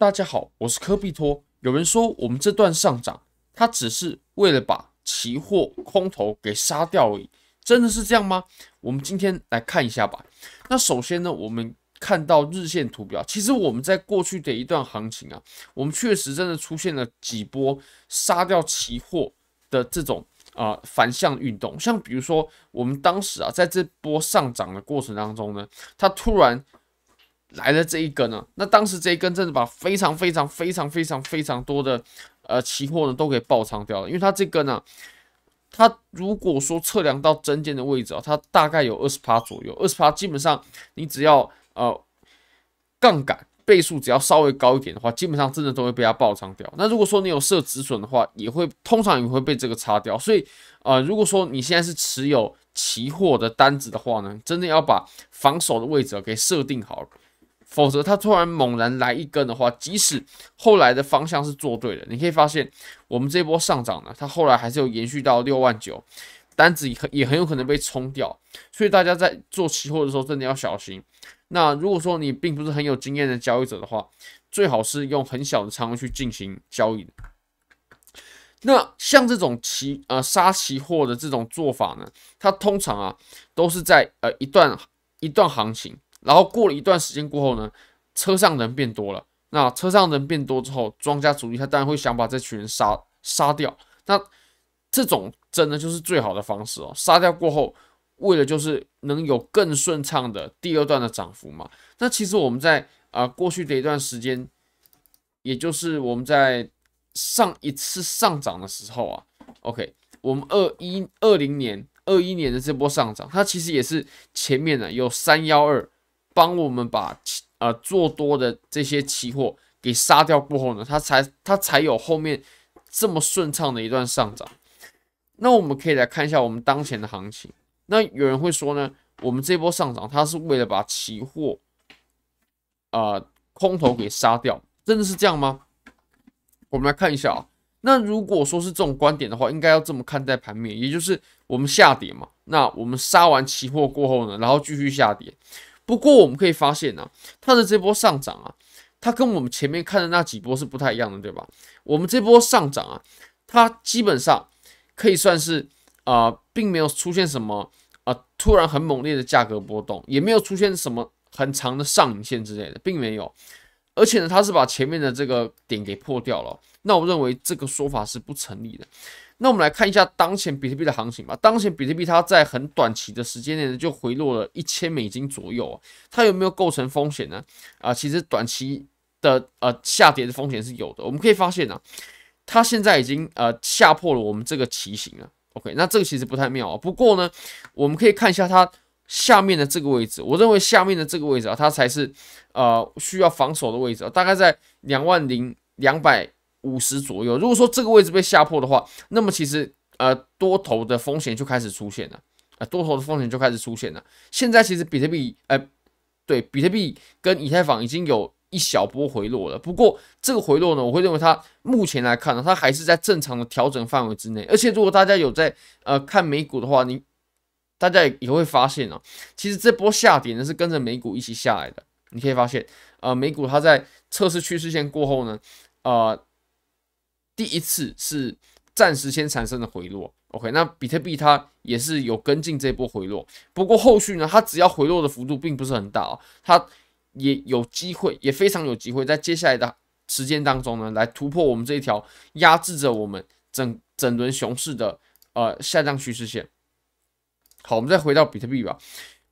大家好，我是科比托。有人說我們這段上漲，它只是為了把期貨空頭給殺掉而已，真的是這樣嗎？我們今天來看一下吧。那首先呢，我們看到日線圖表，其實我們在過去的一段行情啊，我們確實真的出現了幾波殺掉期貨的這種啊、呃、反向運動。像比如說，我們當時啊在這波上漲的過程當中呢，它突然，來了這一根呢，那當時這一根真的把非常非常非常非常非常多的呃期貨呢都給爆倉掉了，因為它這個呢，它如果說測量到針尖的位置啊，它大概有二十趴左右，二十趴基本上你只要呃槓桿倍數只要稍微高一點的話，基本上真的都會被它爆倉掉。那如果說你有設止損的話，也會通常也會被這個擦掉。所以啊，呃，如果說你現在是持有期貨的單子的話呢，真的要把防守的位置給設定好了。否則，它突然猛然來一根的話，即使後來的方向是做對的，你可以發現我們這波上漲呢，它後來還是有延續到六萬九，單子也很也很有可能被沖掉。所以大家在做期貨的時候，真的要小心。那如果說你並不是很有經驗的交易者的話，最好是用很小的倉位去進行交易。那像這種期呃殺期貨的這種做法呢，它通常啊都是在呃一段一段行情。然後過了一段時間過後呢，車上人變多了。那車上人變多之後，莊家主力他當然會想把這群人殺殺掉。那這種真的就是最好的方式哦。殺掉過後，為了就是能有更順暢的第二段的漲幅嘛。那其實我們在啊、呃、過去的一段時間，也就是我們在上一次上漲的時候啊，OK，我們二一二零年二一年的這波上漲，它其實也是前面呢有三幺二。幫我們把呃做多的這些期貨給殺掉過後呢，它才它才有後面這麼順暢的一段上漲。那我們可以來看一下我們當前的行情。那有人會說呢，我們這波上漲它是為了把期貨啊，呃，空頭給殺掉，真的是這樣嗎？我們來看一下啊。那如果說是這種觀點的話，應該要這麼看待盤面，也就是我們下跌嘛。那我們殺完期貨過後呢，然後繼續下跌。不過我們可以發現呢、啊，它的這波上漲啊，它跟我們前面看的那幾波是不太一樣的，對吧？我們這波上漲啊，它基本上可以算是啊、呃，並沒有出現什麼啊、呃、突然很猛烈的價格波動，也沒有出現什麼很長的上影線之類的，並沒有。而且呢，它是把前面的這個點給破掉了，哦，那我認為這個說法是不成立的。那我們來看一下當前比特幣的行情吧。當前比特幣它在很短期的時間內呢，就回落了一千美金左右啊，它有沒有構成風險呢？啊、呃，其實短期的呃下跌的風險是有的。我們可以發現呢、啊，它現在已經呃下破了我們這個旗形了。OK，那這個其實不太妙啊，哦。不過呢，我們可以看一下它。下面的這個位置，我認為下面的這個位置啊，它才是呃需要防守的位置啊，大概在兩萬零兩百五十左右。如果說這個位置被下破的話，那麼其實呃多頭的風險就開始出現了，啊、呃、多頭的風險就開始出現了。現在其實比特幣，哎、呃，對比特幣跟以太坊已經有一小波回落了。不過這個回落呢，我會認為它目前來看呢，它還是在正常的調整範圍之內。而且如果大家有在呃看美股的話，你。大家也會發現啊、哦，其實這波下跌呢是跟着美股一起下來的。你可以發現，呃，美股它在測試趨勢線過後呢，呃，第一次是暫時先產生的回落。OK，那比特幣它也是有跟進這波回落，不過後續呢，它只要回落的幅度並不是很大啊、哦，它也有機會，也非常有機會在接下來的時間當中呢，來突破我們這一條壓制着我們整整輪熊市的呃下降趨勢線。好，我們再回到比特幣吧。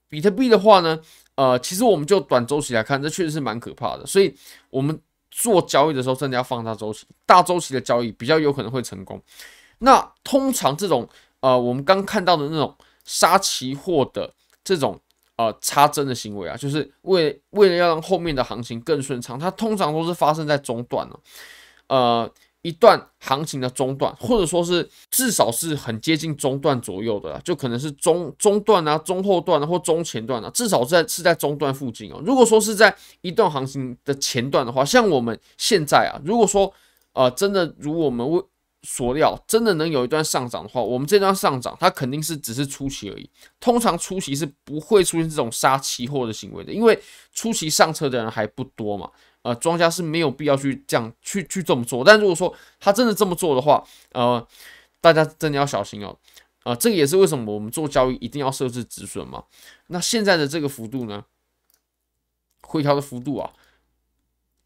比特幣的話呢，呃，其實我們就短週期來看，這確實是蠻可怕的。所以，我們做交易的時候，真的要放大週期，大週期的交易比較有可能會成功。那通常這種，呃，我們剛看到的那種殺期貨的這種，呃，插針的行為啊，就是為為了要讓後面的行情更順暢，它通常都是發生在中段呢，啊，呃。一段行情的中段，或者說是至少是很接近中段左右的啦，就可能是中中段啊，中後段啊或中前段啊，至少是在是在中段附近哦。如果說是在一段行情的前段的話，像我們現在啊，如果說啊、呃，真的如我們為所料，真的能有一段上漲的話，我們這段上漲它肯定是只是初期而已。通常初期是不會出現這種殺期貨的行為的，因為初期上車的人還不多嘛。呃，莊家是沒有必要去這樣去去這麼做，但如果說他真的這麼做的話，呃，大家真的要小心哦、喔。啊、呃，這個也是為什麼我們做交易一定要設置止損嘛。那現在的這個幅度呢，回調的幅度啊，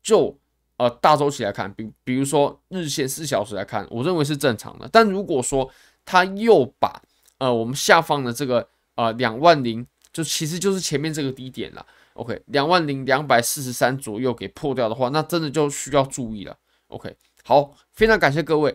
就呃大周期來看，比比如說日線四小時來看，我認為是正常的。但如果說他又把呃我們下方的這個啊兩萬零，呃、20000, 就其實就是前面這個低點了。OK，兩萬零兩百四十三左右給破掉的話，那真的就需要注意了。OK，好，非常感謝各位。